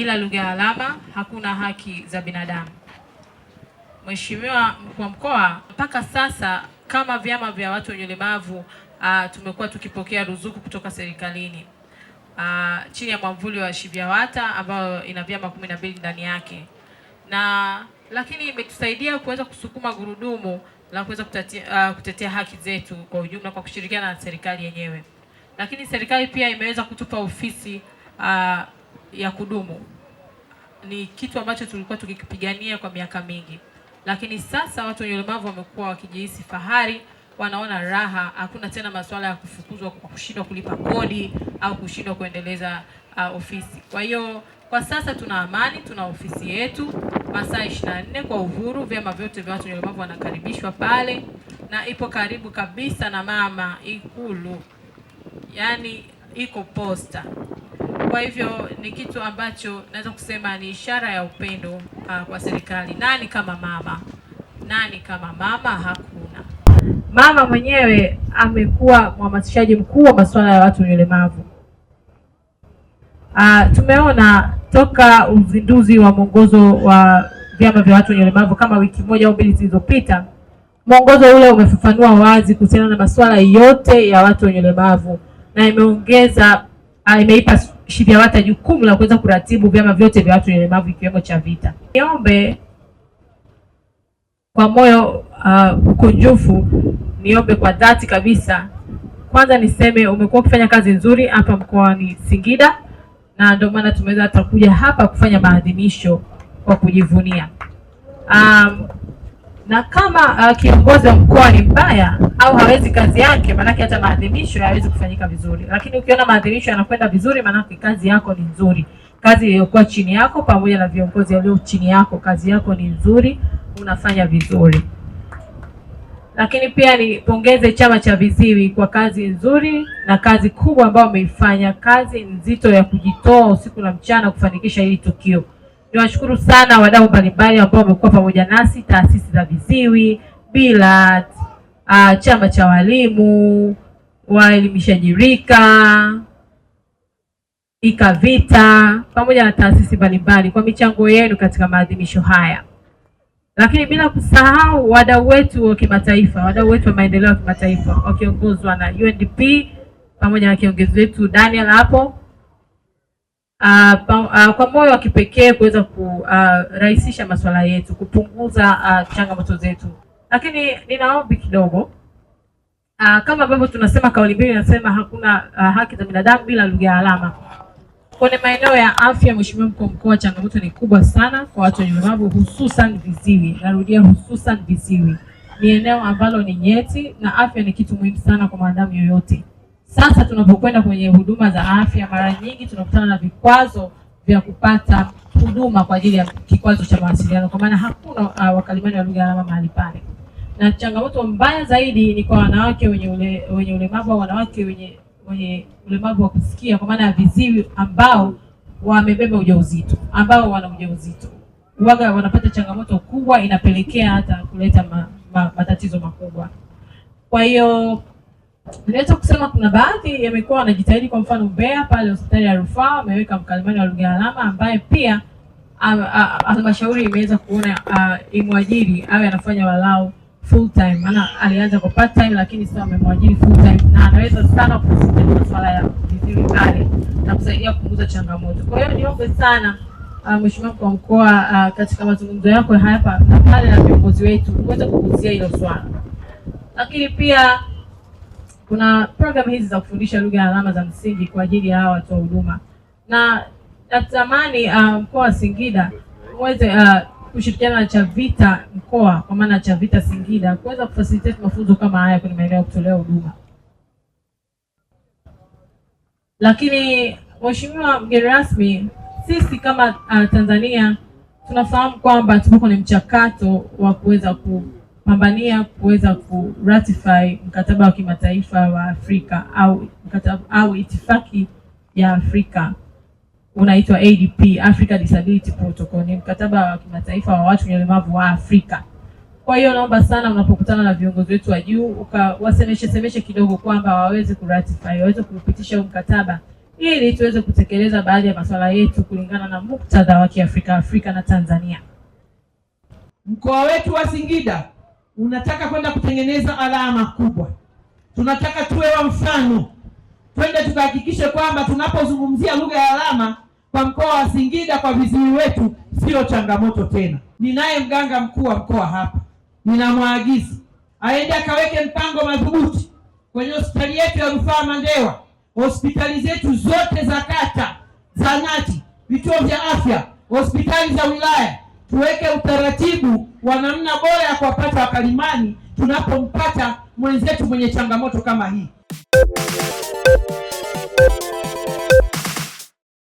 Bila lugha ya alama hakuna haki za binadamu. Mheshimiwa mkuu wa mkoa, mpaka sasa kama vyama vya watu wenye ulemavu ah, tumekuwa tukipokea ruzuku kutoka serikalini a, ah, chini ya mwamvuli wa SHIVYAWATA ambayo ina vyama kumi na mbili ndani yake na lakini imetusaidia kuweza kusukuma gurudumu la kuweza ah, kutetea haki zetu kwa ujumla kwa kushirikiana na serikali yenyewe, lakini serikali pia imeweza kutupa ofisi ya kudumu ni kitu ambacho tulikuwa tukikipigania kwa miaka mingi, lakini sasa watu wenye ulemavu wamekuwa wakijihisi fahari, wanaona raha. Hakuna tena masuala ya kufukuzwa kwa kushindwa kulipa kodi au kushindwa kuendeleza uh, ofisi. Kwa hiyo kwa sasa tuna amani, tuna ofisi yetu masaa 24 kwa uhuru. Vyama vyote vya watu wenye ulemavu wanakaribishwa pale, na ipo karibu kabisa na mama Ikulu, yani iko posta kwa hivyo ni kitu ambacho naweza kusema ni ishara ya upendo uh, kwa serikali. Nani kama mama? Nani kama mama? Hakuna. Mama mwenyewe amekuwa mhamasishaji mkuu wa masuala ya watu wenye ulemavu. Uh, tumeona toka uzinduzi wa mwongozo wa vyama vya watu wenye ulemavu kama wiki moja au mbili zilizopita, mwongozo ule umefafanua wazi kuhusiana na masuala yote ya watu wenye ulemavu na imeongeza uh, imeipa SHIVYAWATA jukumu la kuweza kuratibu vyama vyote vya watu wenye ulemavu ikiwemo CHAVITA. Niombe kwa moyo uh, mkunjufu uh, niombe kwa dhati kabisa. Kwanza niseme umekuwa ukifanya kazi nzuri hapa mkoani Singida, na ndio maana tumeweza hata kuja hapa kufanya maadhimisho kwa kujivunia um, na kama uh, kiongozi wa mkoa ni mbaya au hawezi kazi yake, maanake hata maadhimisho hayawezi kufanyika vizuri. Lakini ukiona maadhimisho yanakwenda vizuri, maanake kazi yako ni nzuri, kazi iliyokuwa chini yako pamoja na viongozi walio chini yako, kazi yako ni nzuri, unafanya vizuri. Lakini pia nipongeze chama cha viziwi kwa kazi nzuri na kazi kubwa ambayo umeifanya, kazi nzito ya kujitoa usiku na mchana kufanikisha hili tukio. Niwashukuru sana wadau mbalimbali ambao wamekuwa pamoja nasi, taasisi za viziwi bila uh, ah, chama cha walimu, waelimishaji rika, IKAVITA pamoja na taasisi mbalimbali kwa michango yenu katika maadhimisho haya, lakini bila kusahau wadau wetu wa kimataifa, wadau wetu wa maendeleo ya kimataifa wakiongozwa na UNDP pamoja na kiongozi wetu Daniel hapo Uh, uh, kwa moyo wa kipekee kuweza kurahisisha ah, uh, masuala yetu kupunguza uh, changamoto zetu, lakini ninaombi kidogo uh, kama ambavyo tunasema kauli mbiu inasema hakuna uh, haki za binadamu bila lugha ya alama. Kwenye maeneo ya afya, Mheshimiwa Mkuu wa Mkoa, changamoto ni kubwa sana kwa watu wenye ulemavu, hususan viziwi. Narudia, hususan viziwi ni eneo ambalo ni nyeti, na afya ni kitu muhimu sana kwa mwanadamu yoyote. Sasa tunapokwenda kwenye huduma za afya, mara nyingi tunakutana na vikwazo vya kupata huduma kwa ajili ya kikwazo cha mawasiliano, kwa maana hakuna uh, wakalimani wa lugha alama mahali pale, na changamoto mbaya zaidi ni kwa wanawake wenye ule, wenye ulemavu au wanawake wenye wenye ulemavu wa kusikia, kwa maana ya viziwi ambao wamebeba ujauzito, ambao wana ujauzito waga wanapata changamoto kubwa, inapelekea hata kuleta ma, ma, matatizo makubwa, kwa hiyo Naweza kusema kuna baadhi yamekuwa wanajitahidi, kwa mfano Mbeya pale hospitali ya rufaa wameweka mkalimani wa lugha alama ambaye pia halmashauri imeweza kuona imwajiri awe anafanya walau full time, maana alianza kwa part time, lakini sasa amemwajiri full time na anaweza sana kusaidia masuala ya pale na kusaidia kupunguza changamoto. Kwa hiyo niombe sana Mheshimiwa mkuu wa mkoa, katika mazungumzo yako hapa na pale na viongozi wetu uweze kugusia hilo swala, lakini pia kuna programu hizi za kufundisha lugha ya alama za msingi kwa ajili ya hawa watoa huduma, na natamani uh, mkoa wa Singida uweze uh, kushirikiana na CHAVITA mkoa kwa maana CHAVITA Singida kuweza kufacilitate mafunzo kama haya kwenye maeneo ya kutolea huduma. Lakini mheshimiwa mgeni rasmi, sisi kama uh, Tanzania tunafahamu kwamba tupo kwenye mchakato wa kuweza ku kupambania kuweza kuratify mkataba wa kimataifa wa Afrika au mkataba au itifaki ya Afrika unaitwa ADP, Africa Disability Protocol. Ni mkataba wa kimataifa wa watu wenye ulemavu wa Afrika. Kwa hiyo naomba sana unapokutana na viongozi wetu wa juu ukawasemeshe semeshe kidogo kwamba waweze kuratify, waweze kupitisha huu mkataba ili tuweze kutekeleza baadhi ya masuala yetu kulingana na muktadha wa Kiafrika, Afrika na Tanzania. Mkoa wetu wa Singida unataka kwenda kutengeneza alama kubwa. Tunataka tuwe wa mfano, twende tukahakikishe kwamba tunapozungumzia lugha ya alama kwa mkoa wa Singida kwa viziwi wetu sio changamoto tena. Ninaye mganga mkuu wa mkoa hapa, ninamwaagiza aende akaweke mpango madhubuti kwenye hospitali yetu ya rufaa Mandewa, hospitali zetu zote za kata, nati vituo vya afya, hospitali za wilaya tuweke utaratibu wa namna bora ya kuwapata wakalimani tunapompata mwenzetu mwenye changamoto kama hii.